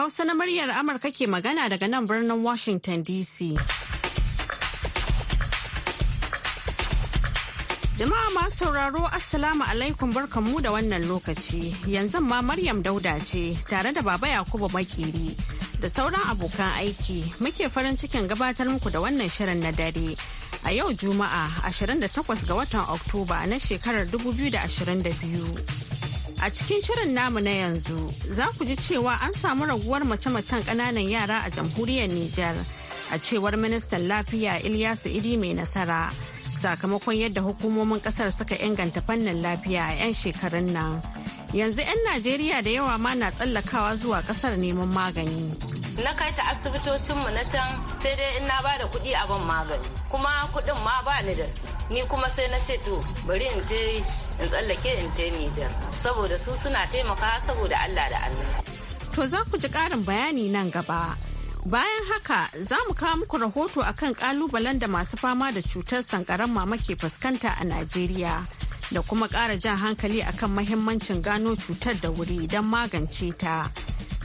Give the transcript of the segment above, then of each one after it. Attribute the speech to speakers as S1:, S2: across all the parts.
S1: Hausa na muryar Amurka ke magana daga nan birnin Washington DC. Jama'a masu sauraro Assalamu alaikum barkanmu da wannan lokaci. Yanzu ma Maryam Dauda ce tare da Baba Yakubu Makiri da sauran abokan aiki muke farin cikin gabatar muku da wannan shirin na dare. A yau Juma'a 28 ga watan Oktoba na shekarar 2022. A cikin shirin namu na yanzu za ku ji cewa an samu raguwar mace-macen ƙananan yara a jamhuriyar Nijar a cewar ministan lafiya Ilyasu Idi mai nasara sakamakon yadda hukumomin ƙasar suka inganta fannin lafiya a 'yan shekarun nan. Yanzu 'yan Najeriya da yawa ma na tsallakawa zuwa ƙasar neman magani. na kai ta mu na
S2: can sai dai in na ba da kuɗi a ban magani kuma kuɗin ma ba ni da su ni kuma sai na ce to bari in je in tsallake in ta saboda su suna taimaka saboda
S1: Allah da Allah. To za ku ji ƙarin bayani nan gaba. Bayan haka za mu kawo muku rahoto akan kalubalen da masu fama da cutar sankaran mama ke fuskanta a Najeriya da kuma ƙara jan hankali akan mahimmancin gano cutar da wuri don magance ta.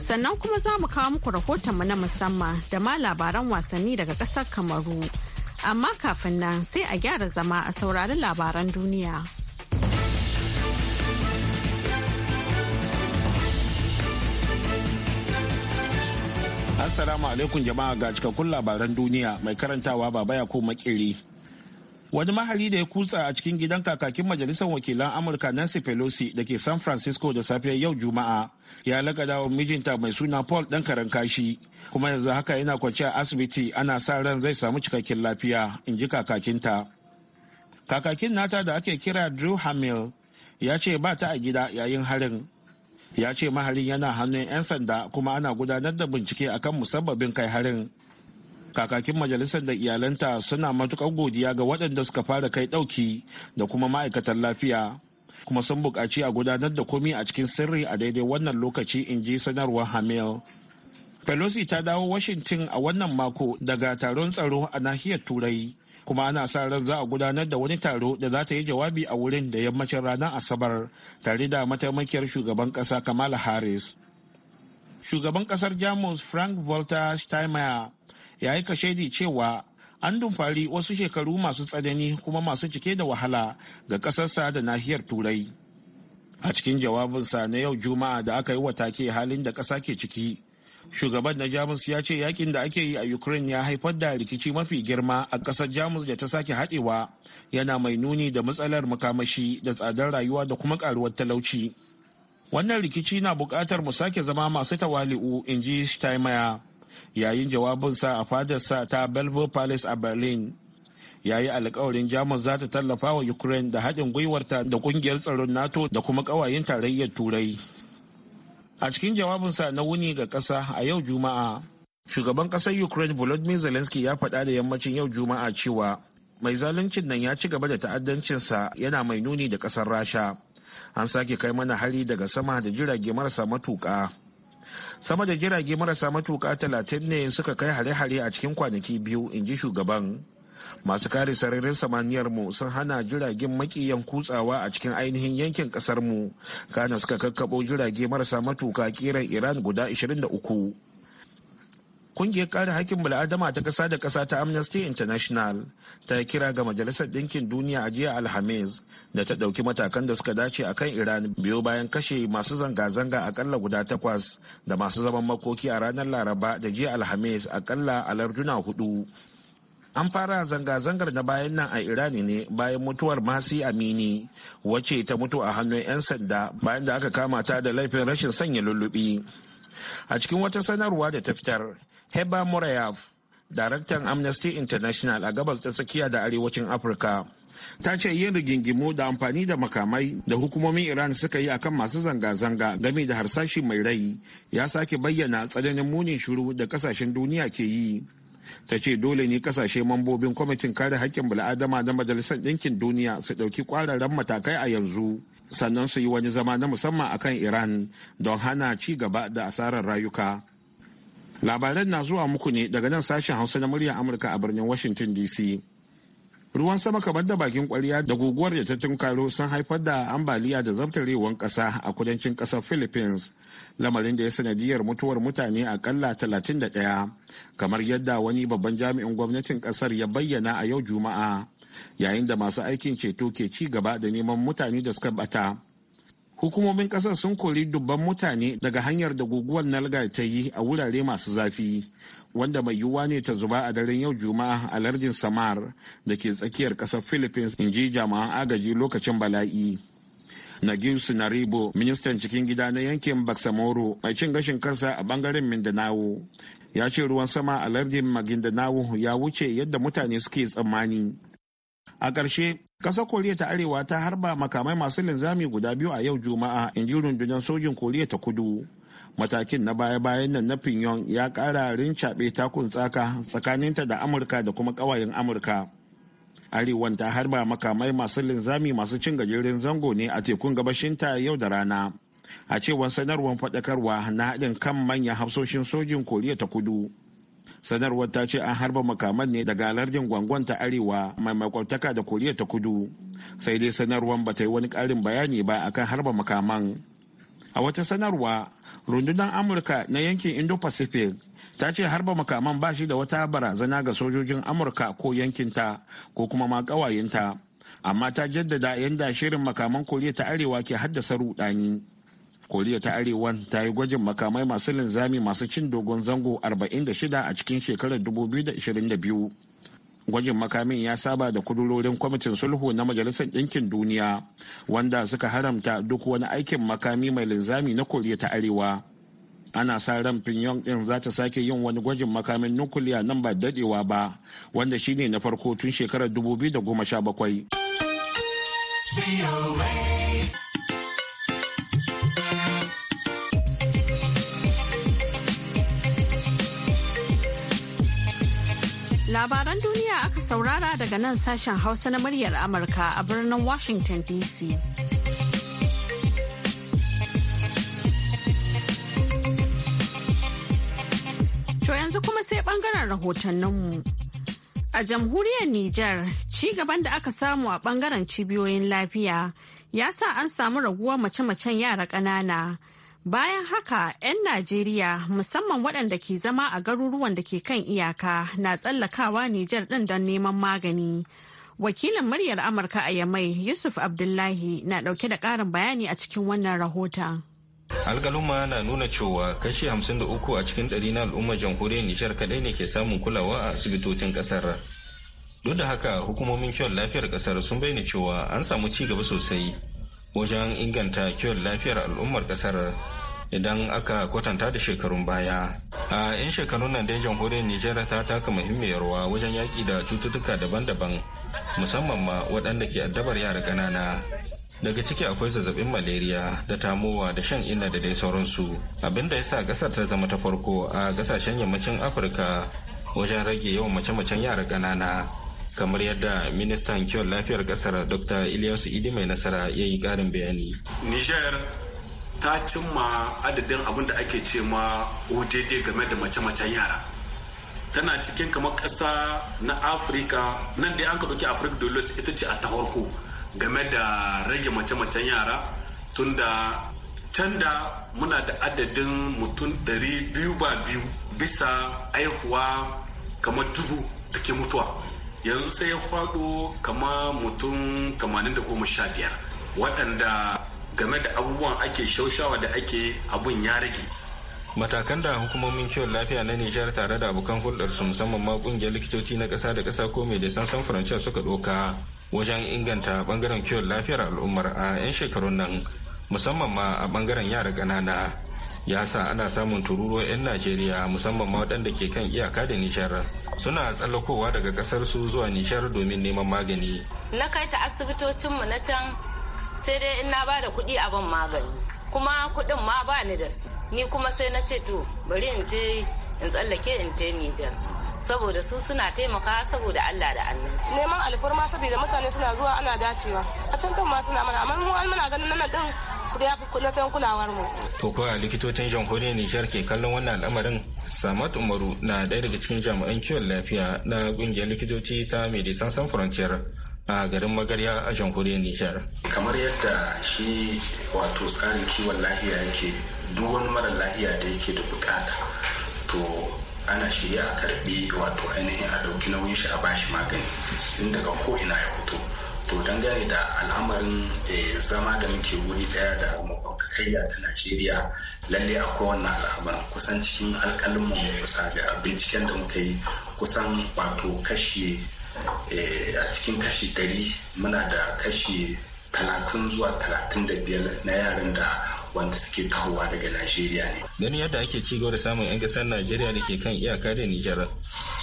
S1: Sannan kuma za mu kawo muku rahotonmu na musamman da ma labaran wasanni daga ƙasar Kamaru. Amma kafin nan sai a gyara zama a saurari labaran duniya.
S3: Assalamu alaikum jama'a ga cikakkun labaran duniya mai karantawa baba ya ko makiri. wani mahari da ya kutsa a cikin gidan kakakin majalisar wakilan amurka nancy pelosi da ke san francisco da safiyar yau juma'a ya lakada wa mijinta mai suna paul dan karen kashi kuma yanzu haka yana kwance a asibiti ana sa ran zai samu cikakken lafiya in ji kakakinta kakakin nata da ake kira drew hamill ya ce ba ta a gida yayin harin ya ce maharin yana hannun 'yan sanda kuma ana gudanar da bincike akan musabbabin kai harin kakakin majalisar da iyalanta suna matukar godiya ga waɗanda suka fara kai ɗauki da kuma ma'aikatan lafiya kuma sun buƙaci a gudanar da komi a cikin sirri a daidai wannan lokaci in ji sanarwar hamil pelosi ta dawo washington a wannan mako daga taron tsaro a nahiyar turai kuma ana sa ran za a gudanar da wani taro da za ta yi jawabi a wurin da yammacin ranar asabar tare da mataimakiyar shugaban kasa kamala harris shugaban kasar jamus frank volta steinmeier ya yi kashedi cewa an dumfari wasu shekaru masu tsanani kuma masu cike da wahala ga ƙasarsa da nahiyar turai a cikin jawabinsa na yau juma'a da aka yi wa take halin da ƙasa ke ciki shugaban na jamus ya ce yakin da ake yi a ukraine ya haifar da rikici mafi girma a ƙasar jamus da ta sake haɗewa yana mai nuni da matsalar makamashi da tsadar rayuwa da kuma ƙaruwar talauci wannan rikici na buƙatar mu sake zama masu tawali'u in ji steinmeier yayin jawabinsa a fadarsa ta belvo palace a berlin yayi alkawarin jamus za ta tallafa wa ukraine da haɗin gwiwarta da ƙungiyar tsaron nato da kuma ƙawayen tarayyar turai a cikin jawabinsa na wuni ga ƙasa a yau juma'a shugaban ƙasar ukraine volodymyr zelensky ya faɗa da yammacin yau juma'a cewa mai zaluncin nan ya ci gaba da ta'addancinsa yana mai nuni da ƙasar rasha an sake kai mana hari daga sama da jirage marasa matuƙa sama da jirage marasa matuka talatin ne suka kai hare-hare a cikin kwanaki biyu in ji shugaban masu kare sararin samaniyar mu sun hana jiragen makiyan kutsawa a cikin ainihin yankin kasar mu kana suka kakkabo jirage marasa matuka kiran iran guda 23 Kungiyar kare hakkin bil'adama ta ƙasa da ƙasa ta Amnesty International ta yi kira ga Majalisar Ɗinkin Duniya a jiya Alhamis da ta ɗauki matakan da suka dace a kan Iran biyo bayan kashe masu zanga-zanga akalla guda takwas da masu zaman makoki a ranar Laraba da jiya Alhamis akalla a larduna hudu. an fara zanga-zangar na bayan nan a Iran ne bayan mutuwar masi amini wacce ta mutu a hannun 'yan sanda bayan da aka kama ta da laifin rashin sanya lullubi a cikin wata sanarwa da ta fitar heba murayaf daraktan amnesty international a gabas ta tsakiya da arewacin afirka ta ce yin rigingimu da amfani da makamai da hukumomin iran suka yi akan masu zanga-zanga game da harsashi mai rai ya sake bayyana tsananin munin shuru da kasashen duniya ke yi ta ce dole ne kasashe mambobin kwamitin kare haƙƙin bil'adama na majalisar ɗinkin duniya su ɗauki ƙwararren matakai a yanzu sannan su yi wani zama na musamman akan iran don hana ci gaba da asarar rayuka Labaran na zuwa muku ne daga nan sashen Hausa na muryar Amurka a birnin Washington DC. Ruwan sama kamar da bakin kwarya da guguwar da ta tunkaro sun haifar da ambaliya da zabtarewar kasa a kudancin kasar Philippines, lamarin da ya sanadiyar mutuwar mutane akalla 31, kamar yadda wani babban jami'in gwamnatin kasar ya bayyana a yau Juma'a, yayin da masu aikin ceto ke ci gaba da neman mutane da suka bata. hukumomin ƙasar sun kori dubban mutane daga hanyar da guguwar nalga ta yi a wurare masu zafi wanda mai yiwuwa ne ta zuba a daren yau juma'a a lardin samar da ke tsakiyar ƙasar philippines in ji jama'an agaji lokacin bala'i nagin sunaribo ministan cikin gida na yankin baksamoro mai cin gashin kansa a bangaren mindanao ya ce ruwan sama a lardin magindanao ya wuce yadda mutane suke tsammani a ƙarshe Ƙasar Koriya ta Arewa ta harba makamai masu linzami guda biyu a yau Juma'a, in ji rundunar sojin Koriya ta Kudu. Matakin na baya-bayan nan na Pyongyang ya ƙara rincaɓe takun tsaka tsakaninta da Amurka da kuma ƙawayen Amurka. Arewan ta harba makamai masu linzami masu cin gajeren zango ne a tekun gabashin ta yau da rana. A cewar sanarwar faɗakarwa na haɗin kan manyan hafsoshin sojin Koriya ta Kudu. sanarwar ta ce an harba makaman ne daga lardin gwangwan ta arewa mai makwabtaka da koriya ta kudu sai dai sanarwar ba ta yi wani karin bayani ba akan harba makaman a wata sanarwa rundunar amurka na yankin indo-pacific ta ce harba makaman ba shi da wata barazana ga sojojin amurka ko yankinta ko kuma ma ƙawayenta amma ta jaddada yadda shirin makaman koriya ta arewa ke haddasa rudani koriya ta arewan ta yi gwajin makamai masu linzami masu cin dogon zango 46 a cikin shekarar 2022 gwajin makamin ya saba da kudurorin kwamitin sulhu na majalisar ɗinkin duniya wanda suka haramta duk wani aikin makami mai linzami na koriya ta arewa ana sa ran pinyon ɗin za ta sake yin wani gwajin makamin nukuliya nan ba daɗewa ba wanda shine na farko tun shekarar 2017
S1: Labaran duniya aka saurara daga nan sashen Hausa na muryar Amurka a birnin Washington DC. To yanzu kuma sai bangaren rahotanninmu. A jamhuriyar Nijar, ci gaban da aka samu a bangaren cibiyoyin lafiya ya sa an samu raguwar mace-macen yara ƙanana. Bayan haka, 'yan Najeriya musamman waɗanda ke zama a garuruwan da ke kan iyaka na tsallakawa Nijar ɗin don neman magani. Wakilin muryar Amurka a Yamai Yusuf Abdullahi na ɗauke da ƙarin bayani a cikin wannan rahoton.
S4: alkaluma na nuna cewa kashi 53 a cikin ɗari na al'ummar jamhuriyar nijar kaɗai ne ke samun kulawa a asibitocin ƙasar duk da haka hukumomin kiwon lafiyar ƙasar sun bayyana cewa an samu ci gaba sosai wajen inganta kiwon lafiyar al'ummar ƙasar idan aka kwatanta da shekarun baya. A 'yan shekarun nan dai jamhuriyar Nijar ta taka muhimmiyar rawa wajen yaƙi da cututtuka daban-daban musamman ma waɗanda ke addabar yara ƙanana. Daga ciki akwai zazzabin malaria da tamowa da shan inna da dai sauransu. Abin da ya sa ƙasar ta zama ta farko a ƙasashen yammacin Afirka wajen rage yawan mace-macen yara ƙanana. kamar yadda ministan kiwon lafiyar kasar dr ilyasu idi mai nasara ya yi karin bayani
S3: nijar ta cimma adadin abin da ake ce ma odd game da mace-macen yara tana cikin kamar ƙasa na afirka nan da an ka ɗauki afirka dolos ita ce a ta farko game da rage mace-macen yara tunda can da muna da adadin mutum ɗari biyu ba biyu bisa aihuwa kamar
S4: dubu da ke mutuwa yanzu sai ya faɗo kama mutum 85 da goma sha biyar waɗanda game da abubuwan ake shaushawa da ake abun ya rage matakan da hukumomin kiwon lafiya na nijar tare da abokan hulɗarsu musamman ma ƙungiyar likitoci na ƙasa da ƙasa ko mai da san faransa suka ɗoka wajen inganta ɓangaren kiwon lafiyar al'ummar a 'yan shekarun nan musamman ma a ɓangaren yara ƙanana ya sa ana samun tururuwa 'yan najeriya musamman ma waɗanda ke kan iyaka da nishar suna tsallakowa daga ƙasar su zuwa nishar domin neman magani
S2: na kai ta asibitocinmu na can sai dai in na ba da kuɗi a ban magani kuma kuɗin ma ba ni da su ni kuma sai na ce to bari in je in tsallake in je Nijar saboda su suna taimaka saboda Allah da Allah. Neman alfarma saboda mutane suna zuwa ana dacewa. A can kan ma suna mana amma mu an muna ganin nan din su ya na kulawar mu.
S4: To ko likitocin jamhuriyar Nijar ke kallon wannan al'amarin Samat Umaru na ɗaya daga cikin jami'an kiwon lafiya na ƙungiyar likitoci ta Medicine Sans Frontier a garin magarya a jamhuriyar nijar kamar yadda shi wato tsarin kiwon lahiya yake duk wani mara lahiya da yake da bukata to ana shirya a karbi wato ainihin a dauki nauyin shi a bashi magani in daga ko ina ya fito to dangane da al'amarin eh, zama da muke wuri daya da makwabtakayya ta najeriya lalle akwai wannan al'amarin kusan cikin alkalin mu kusa da binciken da muka yi kusan wato kashi Eh, a cikin kashi ɗari muna da kashi talatin zuwa talatin da biyar na yaran da wanda suke tahowa daga Najeriya ne. Gani yadda ake ci gaba da samun 'yan ƙasar Najeriya da ke kan iyaka da Nijar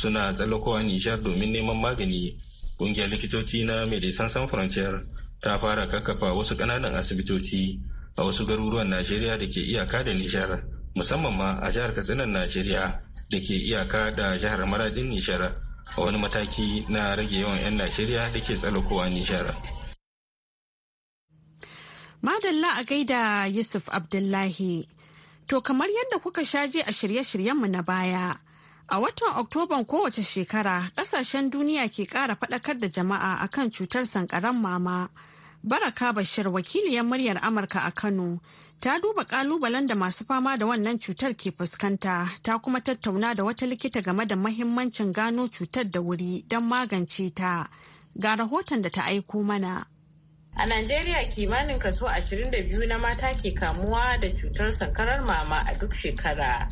S4: suna tsallakowa Nijar domin neman magani. Ƙungiyar likitoci na Medecin San Frontier ta fara kakkafa wasu ƙananan asibitoci a wasu garuruwan Najeriya da ke iyaka da Nijar musamman ma a jihar Katsinan Najeriya da ke iyaka da jihar Maradin Nijar. a wani mataki na rage yawan 'yan najeriya da ke tsalakowa nijar
S1: madalla a gaida yusuf abdullahi to kamar yadda kuka shaje a shirye-shiryenmu na baya A watan Oktoban kowace shekara, ƙasashen duniya ke ƙara faɗakar da jama'a akan cutar sankaran mama Baraka Bashir wakiliyar muryar Amurka a Kano ta duba kalubalen da masu fama da wannan cutar ke fuskanta ta kuma tattauna da wata likita game da mahimmancin gano cutar da wuri don magance ta. Ga rahoton da ta aiko mana.
S2: A Najeriya kimanin kaso 22 na mata ke kamuwa da cutar sankarar mama a duk shekara.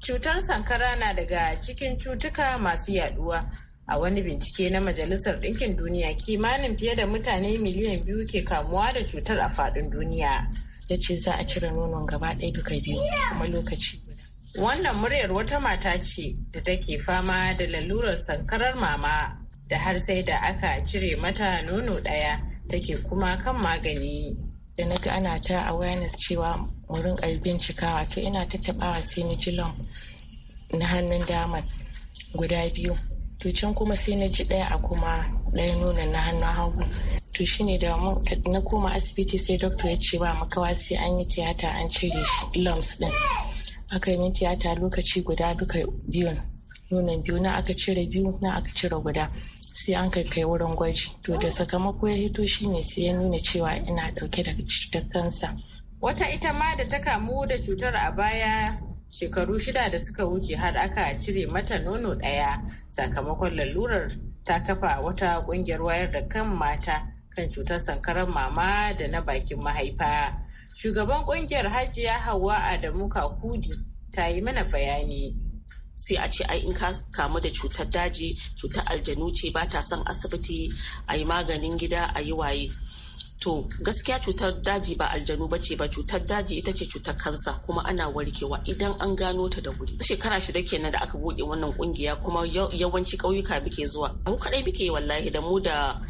S2: Cutar sankara na daga cikin cutuka masu yaduwa a wani bincike na majalisar ɗinkin duniya kimanin fiye da mutane miliyan biyu ke kamuwa da cutar a faɗin duniya ya ce za a cire nonon gaba ɗaya duka biyu kuma lokaci wannan muryar wata mata ce da take fama da lalurar sankarar mama da har sai da aka cire mata nono ɗaya take kuma kan magani da na ga ana ta awareness cewa mu rinka bincikawa to ina ta sai na ji na hannun dama guda biyu to can kuma sai na ji ɗaya a kuma ɗaya nuna na hannun hagu to shine da na koma asibiti sai doctor ya ce ba makawa sai an yi tiyata an cire lumps ɗin. aka yi tiyata lokaci guda duka biyun nunan biyu na aka cire biyu na aka cire guda sai an kai kai wurin gwaji to da sakamako ya hito shine sai ya nuna cewa ina ɗauke da cutar kansa wata ita ma da ta kamu da cutar a baya shekaru shida da suka wuce har aka cire mata nono ɗaya sakamakon lalurar ta kafa wata ƙungiyar wayar da kan mata kan cutar sankarar mama da na bakin mahaifa. Shugaban ƙungiyar Hajiya Hauwa Adamu Kakudi ta yi mana bayani.
S1: sai a ce ai in ka kamu da cutar daji cutar aljanu ce ba ta son asibiti a yi maganin gida a yi waye to gaskiya cutar daji ba aljanu ba ce ba cutar daji ita ce cutar kansa kuma ana warkewa idan an gano ta da wuri shekara shida kenan da aka buɗe wannan kungiya kuma yawanci ƙauyuka muke zuwa mu kaɗai muke wallahi da mu da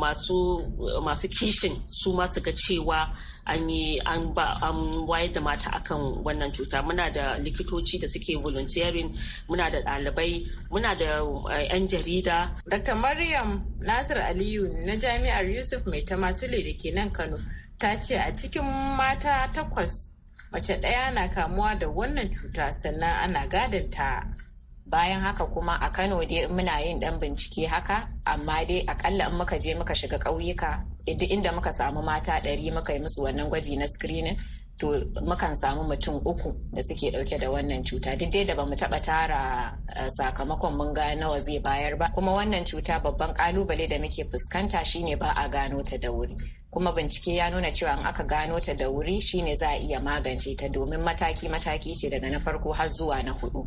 S1: masu kishin su masu ga cewa an yi an ba an wayar da mata akan wannan cuta muna da likitoci da suke volunteering muna da ɗalibai muna da 'yan eh, jarida.
S2: Dr. Maryam Nasir Aliyu na jami'ar Yusuf Mai ta Tamasule da ke nan Kano ta ce a cikin mata takwas mace ɗaya na kamuwa da wannan cuta sannan ana gadanta. bayan haka kuma a kano dai muna yin dan bincike haka amma dai akalla in muka je muka shiga ƙauyuka eh, duk inda muka samu mata ɗari muka yi musu wannan gwaji na screening to mukan samu mutum uku da suke ɗauke da wannan cuta duk dai da bamu taɓa tara eh, sakamakon mun ga nawa zai bayar ba kuma wannan cuta babban kalubale da muke fuskanta shine ba a gano ta da wuri kuma bincike ya nuna cewa in aka gano ta da wuri shine za a iya magance ta domin mataki mataki ce daga na farko har zuwa na hudu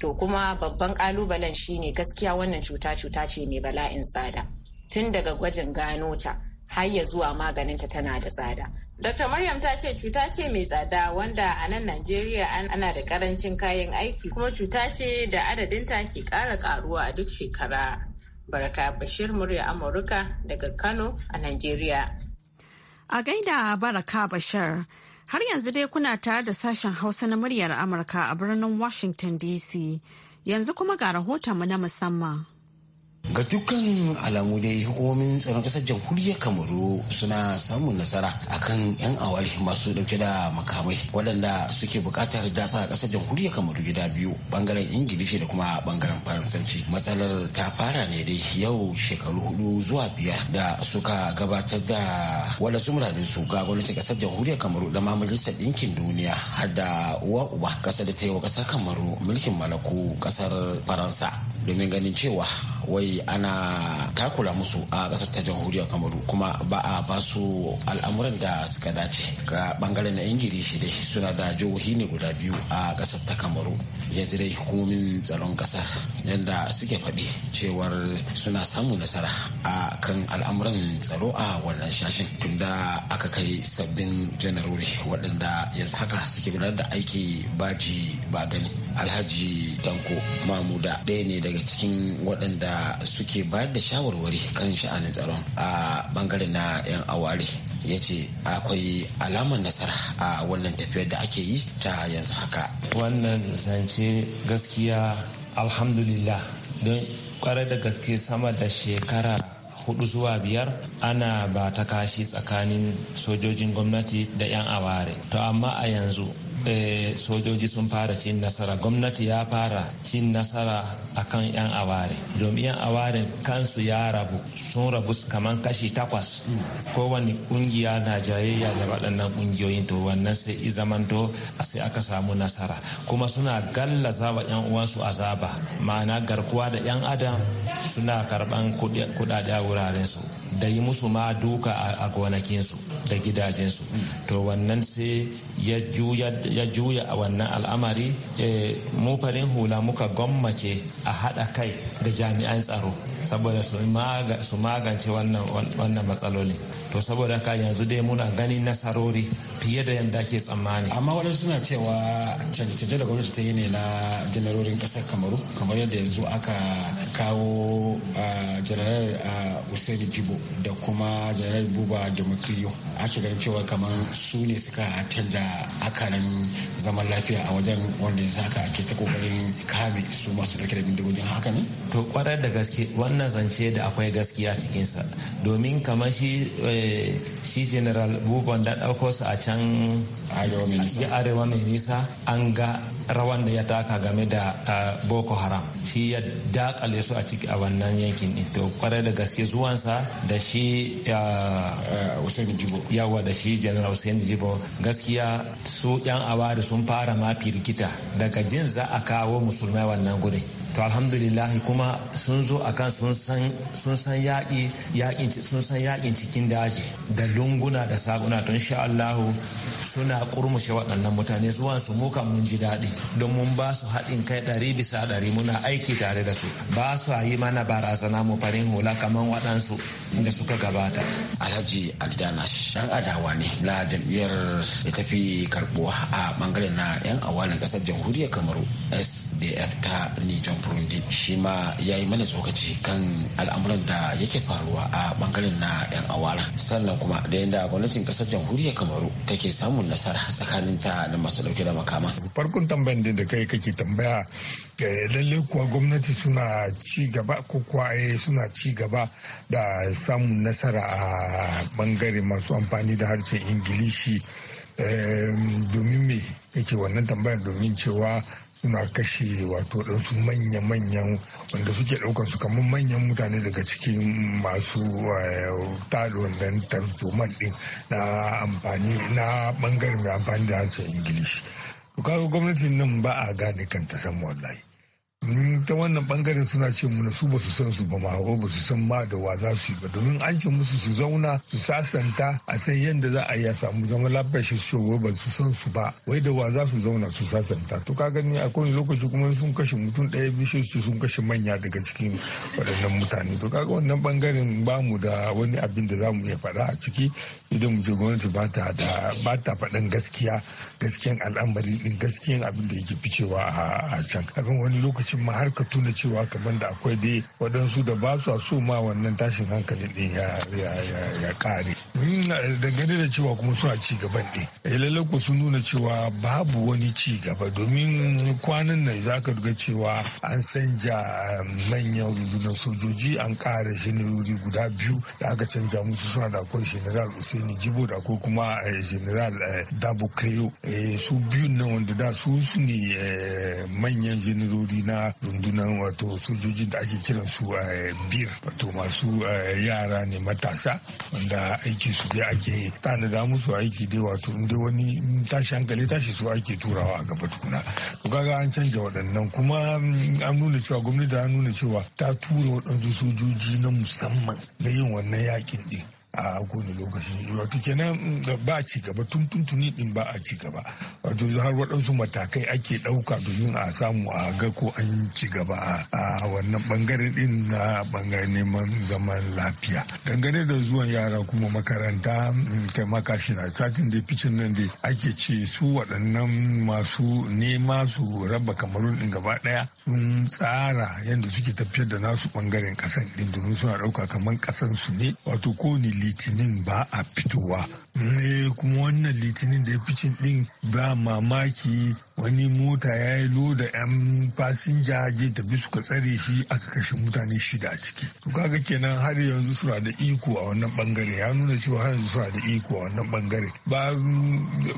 S2: to kuma babban kalubalen shine gaskiya wannan cuta cuta ce mai bala'in tsada tun daga gwajin gano ta har ya zuwa maganinta tana da tsada Dr. Maryam ta ce cuta ce mai tsada wanda a nan Najeriya ana da karancin kayan aiki kuma cuta ce da adadinta ke kara ƙaruwa a duk shekara. Baraka Bashir murya Amurka daga Kano a Najeriya.
S1: A gaida Baraka Bashir. Har yanzu dai kuna tare da sashen Hausa na muryar Amurka a birnin Washington DC. Yanzu kuma ga rahotonmu na musamman.
S5: ga dukkan alamu dai hukumomin tsaron kasar jamhuriyar kamaru suna samun nasara akan yan awari masu dauke da makamai waɗanda suke buƙatar datsa kasar jamhuriyar kamaru gida biyu bangaren ingilishi da kuma bangaren faransanci matsalar ta fara ne dai yau shekaru hudu zuwa biyar da suka gabatar da wala sumranin su ga gwamnatin kasar jamhuriyar kamaru da ma majalisar ɗinkin duniya har da uwa uba kasar da ta yi wa kasar kamaru mulkin malaku kasar faransa domin ganin cewa wai ana takula musu a kasar ta jamhuriyar kamaru kuma ba a ba su al'amuran da suka dace ga bangaren na ingilishi dai suna da jihohi ne guda biyu a kasar ta kamaru yanzu dai hukumomin tsaron kasar yadda suke faɗi cewar suna samun nasara a kan al'amuran tsaro a wannan shashin da aka kai sabbin janarori waɗanda yanzu haka suke gudanar da aiki baji ba gani alhaji danko mamuda ɗaya ne daga cikin waɗanda suke bayar da shawarwari kan sha'anin tsaron a bangare na 'yan aware ya ce akwai alamar nasara a wannan tafiyar da ake yi ta yanzu haka
S6: wannan zance gaskiya alhamdulillah don kwarai da gaske sama da shekara hudu zuwa biyar ana ba ta kashi tsakanin sojojin gwamnati da 'yan aware to amma a yanzu Eh, sojoji sun fara cin nasara gwamnati ya fara cin nasara akan 'yan aware domin 'yan aware kansu ya rabu sun rabu kamar kashi takwas kowane kungiya na jayayya da waɗannan kungiyoyin to wannan sai izamanto sai aka samu nasara kuma suna galla wa 'yan uwansu a azaba ma'ana garkuwa da 'yan adam suna karɓan kuɗaɗe a wurarensu da yi musu ma duka a gonakinsu da gidajensu to wannan sai ya juya a wannan al'amari eh, mu farin hula muka gwammace a haɗa kai da jami'an tsaro saboda su magance wannan matsaloli to saboda ka yanzu dai muna gani nasarori fiye da yadda ke tsammani amma waɗansu suna cewa
S5: canje-canje da gwamnati ta yi ne na janarorin ƙasar kamaru kamar yadda yanzu aka kawo janarar usaini jibo da kuma janarar buba democrio ake ganin cewa kamar su ne suka canja akaran zaman lafiya a wajen wanda ya saka ke ta kokarin kame su masu dauke da bindigogin haka ne to
S6: kwarar da gaske wannan zance da akwai gaskiya cikinsa domin kamar shi eh, general bubon da ɗauko a can arewa mai nisa an ga rawan da ya taka game da eh, boko haram shi ya dakale su a ciki a wannan yankin ito kwarai da gaske zuwansa da shi eh, Hussein Jibo yawa da shi General Hussein Jibo gaskiya su yan awari sun fara ma firgita daga jin za a kawo musulmai wannan gudun to lillahi kuma sun zo akan sun san sun san yaƙin cikin daji da lunguna da saguna don shaallahu suna kurmushe waɗannan mutane zuwan su muka mun ji daɗi don mun ba su haɗin kai ɗari bisa ɗari muna aiki tare da su ba su yi mana barazana mu farin hula kamar waɗansu da suka gabata.
S5: Alhaji Adidanash shan adawa ne na jam'iyyar da tafi karɓuwa a ɓangaren na 'yan awalin ƙasar jamhuriyar Kamaru MDR ta Nijon Burundi shi ma ya yi mana tsokaci kan al'amuran da yake faruwa a bangaren na 'yan awara sannan kuma da yadda gwamnatin kasar jamhuriyar Kamaru take samun nasara tsakanin ta da masu dauke da makama.
S7: Farkon tambayan da kai kake tambaya eh, lalle kuwa gwamnati suna ci gaba ko kuwa eh, suna ci gaba da samun nasara a bangare masu amfani da harshen ingilishi eh, domin me kake wannan tambayar domin cewa suna kashe wato ɗansu manya-manyan wanda suke ɗaukar su kamar manyan mutane daga cikin masu eh, tada wannan tarzoman ɗin na amfani na ɓangaren mai amfani da harshen ingilishi. kaga gwamnatin nan ba a gane kanta san wallahi Mm, ta wannan bangaren suna ce mu su ba su san su ba ma ba su san ma da wa za su yi ba domin an ce musu su zauna su sasanta a san yadda za a yi a samu zama lafiyar shi ba su san su ba wai da wa za su zauna su sasanta to ka gani a kowane lokaci kuma sun kashe mutum ɗaya biyu su sun kashe manya daga cikin waɗannan mutane to kaga wannan bangaren ba mu da wani abin da za mu iya faɗa a ciki idan mu je gwamnati ba ta faɗin gaskiya gaskiyan al'amari din gaskiyan abin da yake ficewa a can abin wani lokacin ma har ka tuna cewa kamar da akwai dai waɗansu da ba su so ma wannan tashin hankali din ya kare dangane da cewa kuma suna ci gaban din eh, lallai ku sun nuna cewa babu wani ci gaba domin kwanan nan za ka ga cewa an sanja um, manyan rundunar sojoji an ƙara shinirori guda biyu da aka canja musu suna da akwai shiniral usain nijibo da ko kuma eh, general eh, dabo kreyo eh, su biyu na wanda da su su ne manyan generori na rundunar wato sojojin da ake kiran su bir wato masu yara ne matasa wanda aiki su dai ake tanada musu aiki dai wato inda wani tashi hankali tashi su ake turawa a gaba tukuna to kaga an canja waɗannan kuma mm, an nuna cewa gwamnati ta nuna cewa ta tura waɗansu sojoji na musamman na yin wannan yakin din a kowane lokaci wato kenan mm, ba ci gaba tun tuntuni din ba a ci gaba wato har waɗansu matakai ake ɗauka domin a samu a ga ko an ci gaba a wannan bangare din na bangare neman zaman lafiya dangane da zuwan yara kuma makaranta mm, kai makashi na satin da ficin nan da ake ce su waɗannan masu nema su raba kamarun din gaba ɗaya sun tsara yadda suke tafiyar da nasu bangaren ƙasan din domin suna ɗauka kamar ƙasan su ne wato ko ni litinin ba a fitowa eh, kuma wannan litinin da ya cin din ba mamaki wani mota ya yi loda 'yan fasinja je ta tafi suka tsare shi aka kashe mutane shida a ciki to kaga kenan har yanzu suna da iko a wannan bangare ya nuna cewa har yanzu suna da iko a wannan bangare ba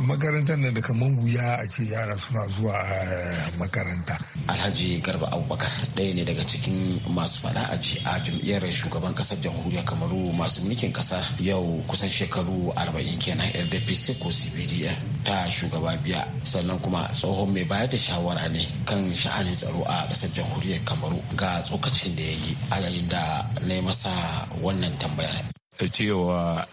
S7: makarantar da kamar wuya a ce yara suna zuwa eh, makaranta
S5: alhaji garba abubakar ɗaya ne daga cikin masu faɗa a a jam'iyyar shugaban kasar jamhuriyar kamaru masu mulkin kasa ƙasa yau kusan shekaru 40 kenan rdpc ko cbdf ta shugaba biya sannan kuma tsohon mai bayar da shawara ne kan sha'anin tsaro a ƙasar jamhuriyar kamaru ga tsokacin da ya
S8: yi a yayin da na yi masa wannan tambayar. cewa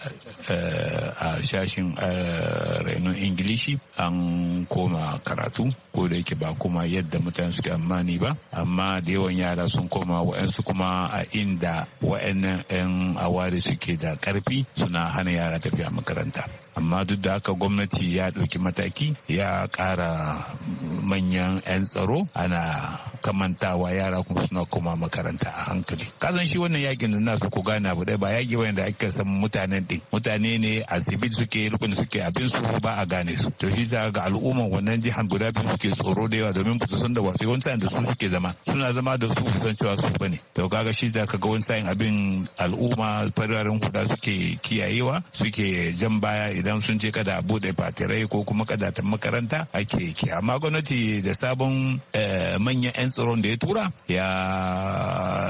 S8: eh, a shashin eh, rainon ingilishi an koma karatu ko da yake ba kuma yadda mutane suke amma amani ba amma da yawan yara sun koma wa'ansu kuma a inda wa'annan 'yan awari suke da karfi suna hana yara tafiya makaranta amma duk da haka gwamnati ya ɗauki mataki ya ƙara manyan 'yan tsaro ana kamantawa yara kuma suna koma makaranta a hankali kasan shi wannan yakin da su ko gane abu ɗaya ba yaki bane da ake san mutanen ɗin mutane ne a sibiti suke lokacin suke abin su ba a gane su to shi za ga al'umma wannan jihar guda biyu suke tsoro da yawa domin ba su san da wasu wani sa'in da su suke zama suna zama da su san cewa su bane to kaga shi za ka ga wani sa'in abin al'umma fararen huda suke kiyayewa suke jan baya idan sun je kada bude fatirai ko kuma kadatan makaranta ake yake amma gwamnati da sabon eh, manyan 'yan tsaron da ya tura ya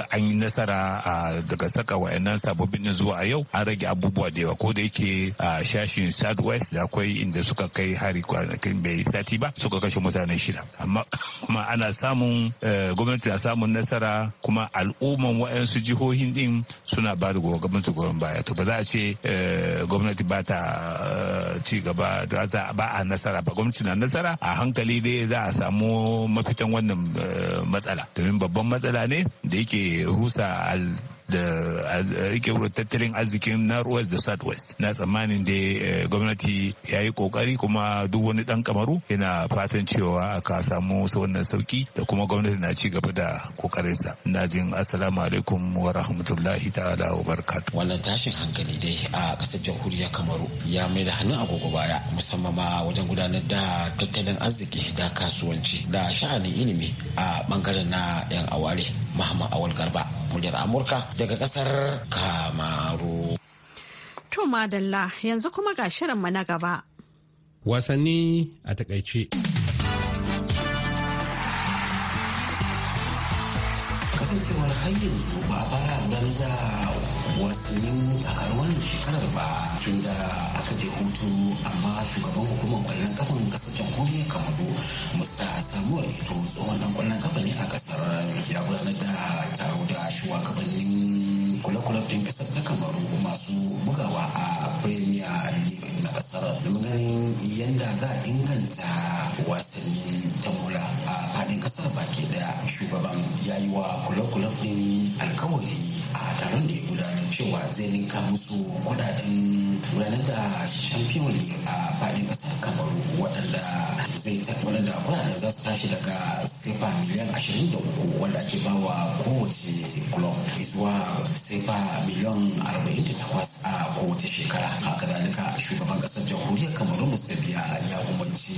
S8: an yi nasara daga saka wayannan sababbin zuwa a yau an rage abubuwa da yawa ko da yake a shashin southwest da akwai inda suka kai hari kwanakin bai sati ba suka kashe mutane shida amma kuma ana samun eh, gwamnati na samun nasara kuma al'umman wayansu jihohin din suna ba da gwamnati goyon baya to ba za a ce eh, gwamnati ba ta ci gaba ba a nasara ba gwamnati na nasara a hankali dai za a samu mafitan wannan eh, matsala domin babban matsala ne da yake rusa da eh, rikewar tattalin arzikin northwest da West na tsammanin da eh, gwamnati ya yi kokari kuma duk wani dan kamaru yana fatan cewa aka samu wannan sauki da kuma gwamnati na ci gaba da kokarinsa na jin assalamu alaikum wa rahmatullahi ta'ala wa barakatu. wannan tashin hankali dai a kasar jamhuriyar
S5: kamaru ya mai da hannun agogo baya musamman ma wajen gudanar da tattalin arziki da kasuwanci da sha'anin ilimi a bangaren na yan aware muhammad awal garba muryar Amurka daga kasar Kamaru.
S1: To madalla yanzu kuma ga shirinmu na gaba.
S8: Wasanni a takaice.
S5: Kasancewar har yanzu ba fara da wasannin a karuwan shekarar ba tun da aka je hutu amma shugaban hukumar kwallon kafin kasar jamhuriyar kamaru musa samuwar ito tsohon dan kwallon kafa ne a kasar ya gudanar da taro da shugabannin kule-kule din kasar ta kamaru masu bugawa a premier league na kasar domin ganin yadda za a inganta wasannin tamula a faɗin kasar baki da shugaban ya yi wa kule-kule din alkawari a taron da ya gudanar cewa zai ninka musu kudaden gudanar da champion league a faɗin kasar kamaru waɗanda zai ta waɗanda za daga sefa miliyan 23 wanda ake bawa kowace club zuwa sefa miliyan 48 a kowace shekara haka dalika shugaban kasar jamhuriyar kamaru musabiya ya umarci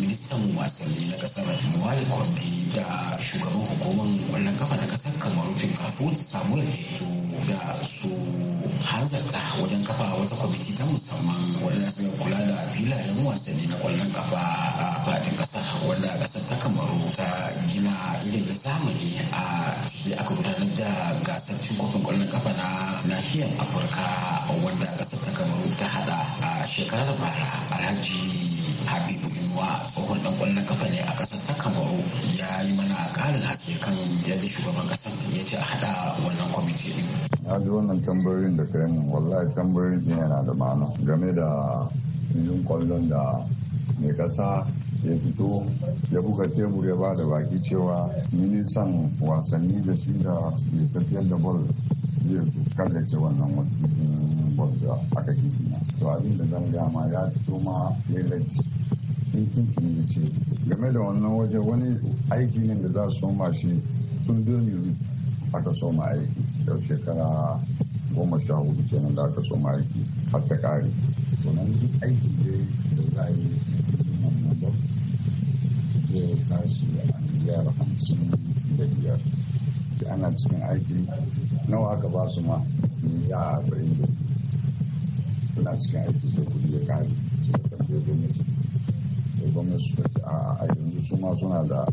S5: ministan wasanni na kasar muwali kwambi da shugaban hukumar ƙwallon kafa na kasar kamaru finkafu samuel eto da su hanzarta wajen kafa wata kwamiti ta musamman wadanda suka kula da filayen wasanni na kwallon kafa a fadin kasar wanda kasar ta kamaru ta gina irin na zamani a ciki aka gudanar da gasar cin kofin kwallon kafa na nahiyar afirka wanda kasar ta kamaru ta hada a shekarar bara alhaji habibu inuwa tsohon dan kwallon kafa ne a kasar ta kamaru ya yi mana karin haske kan yadda shugaban kasar ya ce a hada
S9: wannan kwamiti din na ji wannan tambayoyin da kai wallahi tambayoyin yana da ma'ana game da yin kwallon da mai kasa ya fito ya buga tebur ya ba da baki cewa ministan wasanni da shi da ya tafiyar da bol zai kallace wannan bol da aka gina to abin da zan gama ya fito ma ya ce game da wannan waje wani aiki ne da za su soma shi tun doni aka soma aiki da shekara goma sha hudu kenan da aka soma aiki har ta kare wannan aiki ne da za a yi zai tashi a miliyar hamsin da biyar ana cikin aiki nawa aka ba su ma arba'in da suna cikin aiki sai kudi ya kare su da tambaye gwamnati da gwamnati a yanzu su ma suna da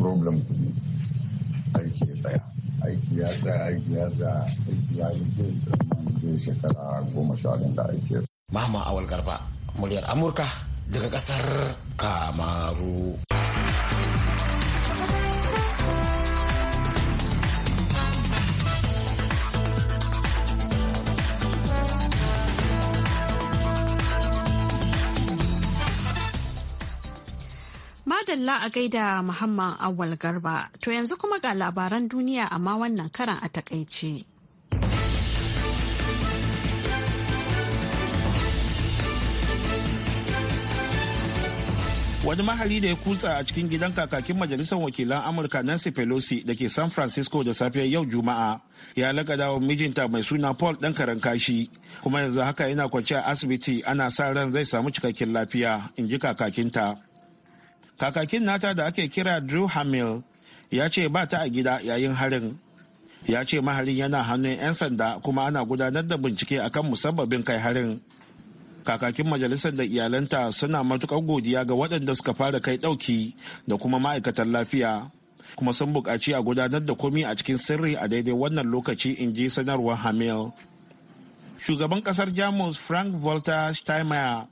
S9: problem kudi aiki ya tsaya aiki ya tsaya aiki ya tsaya aiki ya yi zai zama zai shekara goma sha da
S5: aiki Mama Awal Garba, muryar Amurka daga kasar kamaru
S1: Madalla a gaida Muhammad Awal Garba, to yanzu kuma ga labaran duniya amma wannan karan a takaice.
S3: wani mahari da ya kutsa a cikin gidan kakakin majalisar wakilan amurka nancy pelosi da ke san francisco da safiyar yau juma'a ya lakada wa mijinta mai suna paul ɗan karen kashi kuma yanzu haka yana kwance a asibiti ana sa ran zai samu cikakken lafiya in ji kakakinta kakakin nata da ake kira drew hamill ya ce ba ta a gida yayin harin ya ce maharin yana hannun 'yan sanda kuma ana gudanar da bincike akan musabbabin kai harin kakakin majalisar da iyalanta suna matukar godiya ga waɗanda suka fara kai ɗauki da kuma ma'aikatan lafiya kuma sun buƙaci a gudanar da komi a cikin sirri a daidai wannan lokaci in ji sanarwar hamil shugaban ƙasar jamus frank volta steinmeier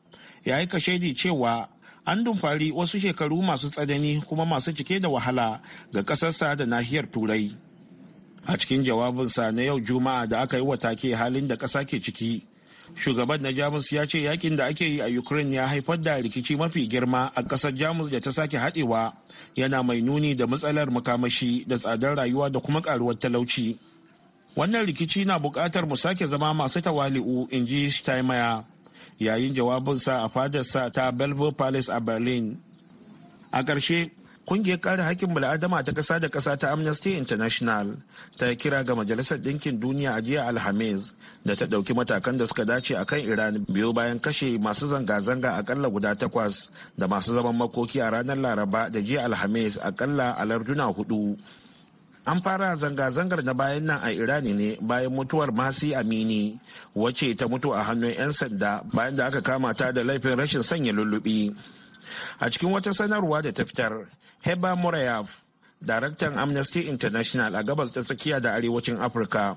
S3: ya yi kashedi cewa an dumfari wasu shekaru masu tsanani kuma masu cike da wahala ga ƙasarsa da nahiyar turai a cikin jawabinsa na yau juma'a da aka yi wa take halin da ƙasa ke ciki shugaban na jamus ya ce yakin da ake yi a ukraine ya haifar da rikici mafi girma a kasar jamus da ta sake haɗewa yana mai nuni da matsalar makamashi da tsadar rayuwa da kuma karuwar talauci wannan rikici na buƙatar mu sake zama masu tawali'u in ji steinmeier yayin jawabinsa a fadarsa ta belvo palace a berlin a ƙarshe Kungiyar kare hakkin bil'adama ta kasa da kasa ta Amnesty International ta kira ga Majalisar Ɗinkin Duniya a jiya Alhamis da ta ɗauki matakan da suka dace a kan Iran biyu bayan kashe masu zanga-zanga akalla guda takwas da masu zaman makoki a ranar Laraba da jiya Alhamis akalla a larduna hudu. An fara zanga-zangar na bayan nan a iran ne bayan mutuwar Masi Amini wacce ta mutu a hannun 'yan sanda bayan da aka kama ta da laifin rashin sanya lullubi. A cikin wata sanarwa da ta fitar, Heba Morayaf, daraktan Amnesty International a gabas ta tsakiya da arewacin Afirka.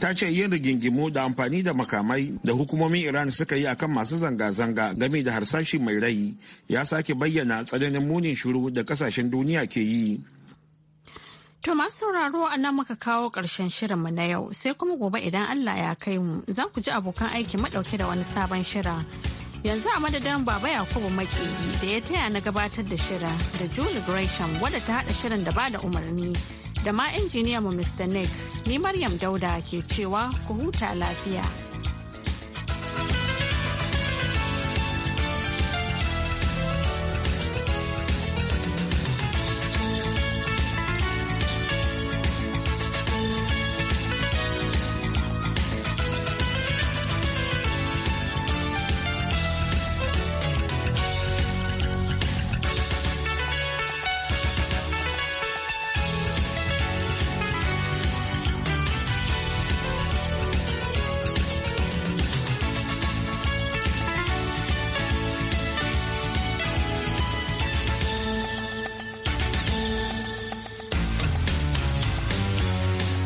S3: Ta ce yin rigingimu da amfani da makamai da hukumomin Iran suka yi akan masu zanga-zanga game da harsashi mai rai ya sake bayyana tsananin munin shuru da kasashen duniya ke yi.
S1: To masu sauraro a nan muka kawo ƙarshen shirinmu na yau sai kuma gobe idan Allah ya kai mu zan ku ji abokan aiki madauke da wani sabon shirin. yanzu a madadin baba yakubu makeri da ya taya na gabatar da shira da julie gresham wadda ta hada shirin da bada umarni da ma injiniyan mu mr nick ni maryam dauda ke cewa ku huta lafiya